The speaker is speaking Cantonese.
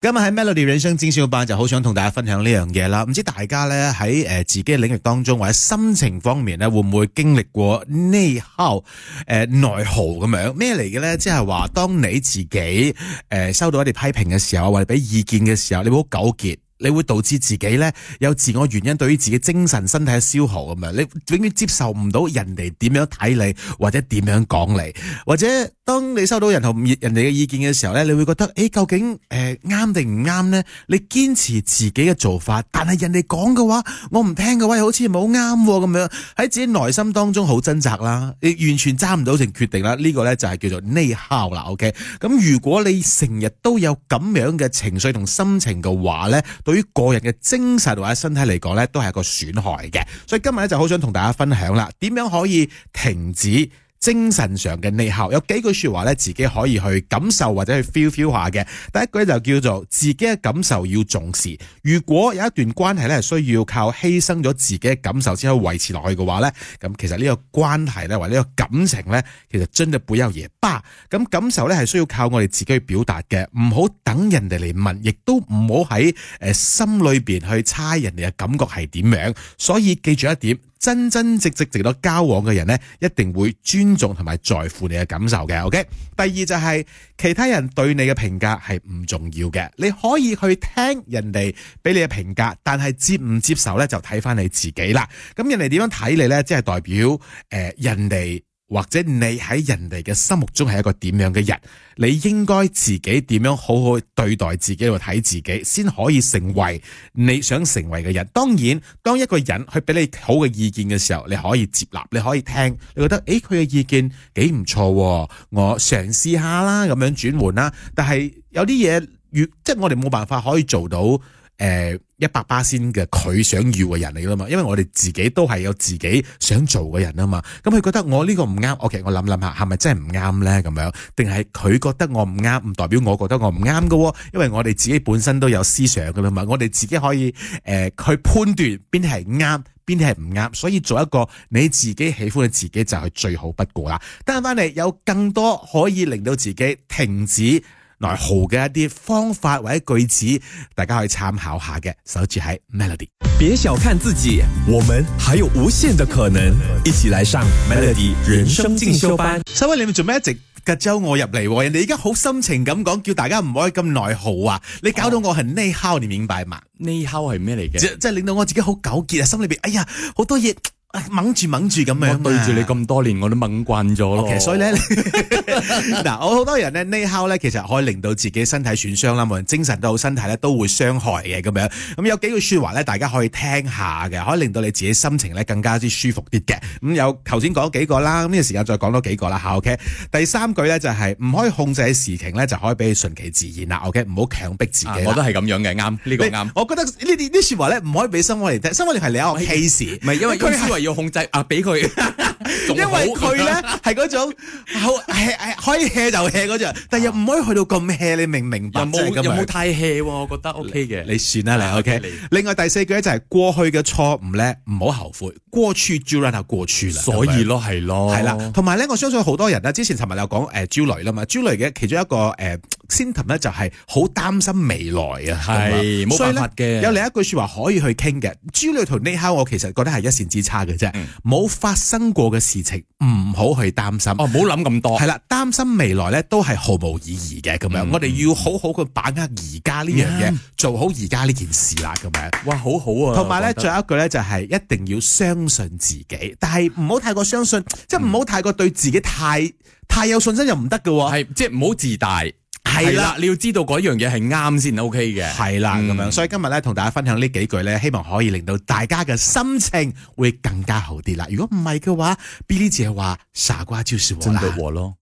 今日喺 Melody 人生進修班就好想同大家分享呢樣嘢啦，唔知大家咧喺誒自己嘅領域當中或者心情方面咧，會唔會經歷過呢口誒內耗咁樣？咩嚟嘅咧？即係話當你自己誒、呃、收到一啲批評嘅時候，或者俾意見嘅時候，你好糾結。你會導致自己咧有自我原因，對於自己精神身體嘅消耗咁樣。你永遠接受唔到人哋點樣睇你或者點樣講你，或者，你或者當你收到人同人哋嘅意見嘅時候呢，你會覺得誒、欸、究竟誒啱定唔啱呢？你堅持自己嘅做法，但係人哋講嘅話我唔聽嘅話，好似冇啱咁樣，喺自己內心當中好掙扎啦，你完全揸唔到成決定啦。呢、這個呢就係叫做內耗啦。OK，咁如果你成日都有咁樣嘅情緒同心情嘅話呢。對於個人嘅精神或者身體嚟講呢，都係一個損害嘅。所以今日咧，就好想同大家分享啦，點樣可以停止精神上嘅內耗有幾句說話咧，自己可以去感受或者去 feel feel 下嘅。第一句就叫做自己嘅感受要重視。如果有一段關係咧，需要靠犧牲咗自己嘅感受先可以維持落去嘅話咧，咁其實呢個關係咧或呢個感情咧，其實真係背有嘢噃。咁感受咧係需要靠我哋自己去表達嘅，唔好等人哋嚟問，亦都唔好喺誒心裏邊去猜人哋嘅感覺係點樣。所以記住一點。真真正正值得交往嘅人呢，一定會尊重同埋在乎你嘅感受嘅。OK，第二就係、是、其他人對你嘅評價係唔重要嘅，你可以去聽人哋俾你嘅評價，但係接唔接受呢，就睇翻你自己啦。咁人哋點樣睇你呢？即係代表誒、呃、人哋。或者你喺人哋嘅心目中係一個點樣嘅人，你應該自己點樣好好對待自己去睇自己，先可以成為你想成為嘅人。當然，當一個人去俾你好嘅意見嘅時候，你可以接納，你可以聽，你覺得誒佢嘅意見幾唔錯，我嘗試下啦，咁樣轉換啦。但係有啲嘢越，即係我哋冇辦法可以做到誒。呃一百巴仙嘅佢想要嘅人嚟噶嘛，因為我哋自己都係有自己想做嘅人啊嘛。咁佢覺得我呢個唔啱，OK，我諗諗下係咪真係唔啱呢？咁樣，定係佢覺得我唔啱，唔代表我覺得我唔啱噶。因為我哋自己本身都有思想噶啦嘛，我哋自己可以誒去、呃、判斷邊啲係啱，邊啲係唔啱。所以做一個你自己喜歡嘅自己就係最好不過啦。得翻嚟有更多可以令到自己停止。內耗嘅一啲方法或者句子，大家可以參考下嘅，守住喺 Melody。別小看自己，我們還有無限嘅可能，一起來上 Melody 人生進修班。所以你哋做咩一直隔招我入嚟？人哋而家好心情咁講，叫大家唔可以咁內耗啊！你搞到我係內耗，你明白嘛？哦、內耗係咩嚟嘅？即係令到我自己好糾結啊！心裏邊，哎呀，好多嘢。掹住掹住咁樣，我對住你咁多年，我都掹慣咗咯。其實所以咧，嗱我好多人咧呢敲咧，其實可以令到自己身體損傷啦，無論精神都好，身體咧都會傷害嘅咁樣。咁有幾句說話咧，大家可以聽下嘅，可以令到你自己心情咧更加之舒服啲嘅。咁有頭先講咗幾個啦，咁呢個時間再講多幾個啦。吓，OK。第三句咧就係唔可以控制嘅事情咧，就可以俾你順其自然啦。OK，唔好強迫自己。我都係咁樣嘅，啱呢個啱。我覺得呢啲呢說話咧，唔可以俾生活嚟聽，生活嚟係你一個 case。唔係因為佢。要控制啊！俾佢，因為佢咧係嗰種好係係可以 hea 就 hea 嗰種，但又唔可以去到咁 hea，你明唔明白？又冇又冇太 hea 喎，我覺得 OK 嘅。你算啦，你 OK。另外第四句咧就係過去嘅錯誤咧，唔好後悔，過去就係過去啦。所以咯，係咯，係啦。同埋咧，我相信好多人咧，之前尋日有講誒焦慮啦嘛，焦慮嘅其中一個誒。先頭咧就係好擔心未來啊，係冇辦法嘅。有另一句説話可以去傾嘅，焦慮同呢刻我其實覺得係一線之差嘅啫。冇、嗯、發生過嘅事情，唔好去擔心。哦，唔好諗咁多。係啦，擔心未來咧都係毫無意義嘅咁樣。嗯、我哋要好好去把握而家呢樣嘢，嗯、做好而家呢件事啦咁樣。哇，好好啊！同埋咧，仲有一句咧，就係一定要相信自己，但係唔好太過相信，即係唔好太過對自己太、嗯、太有信心又唔得嘅喎。即係唔好自大。係啦，你要知道嗰樣嘢係啱先 OK 嘅。係啦了，咁、嗯、樣，所以今日咧同大家分享呢幾句咧，希望可以令到大家嘅心情會更加好啲啦。如果唔係嘅話，B 莉姐話傻瓜就是我啦。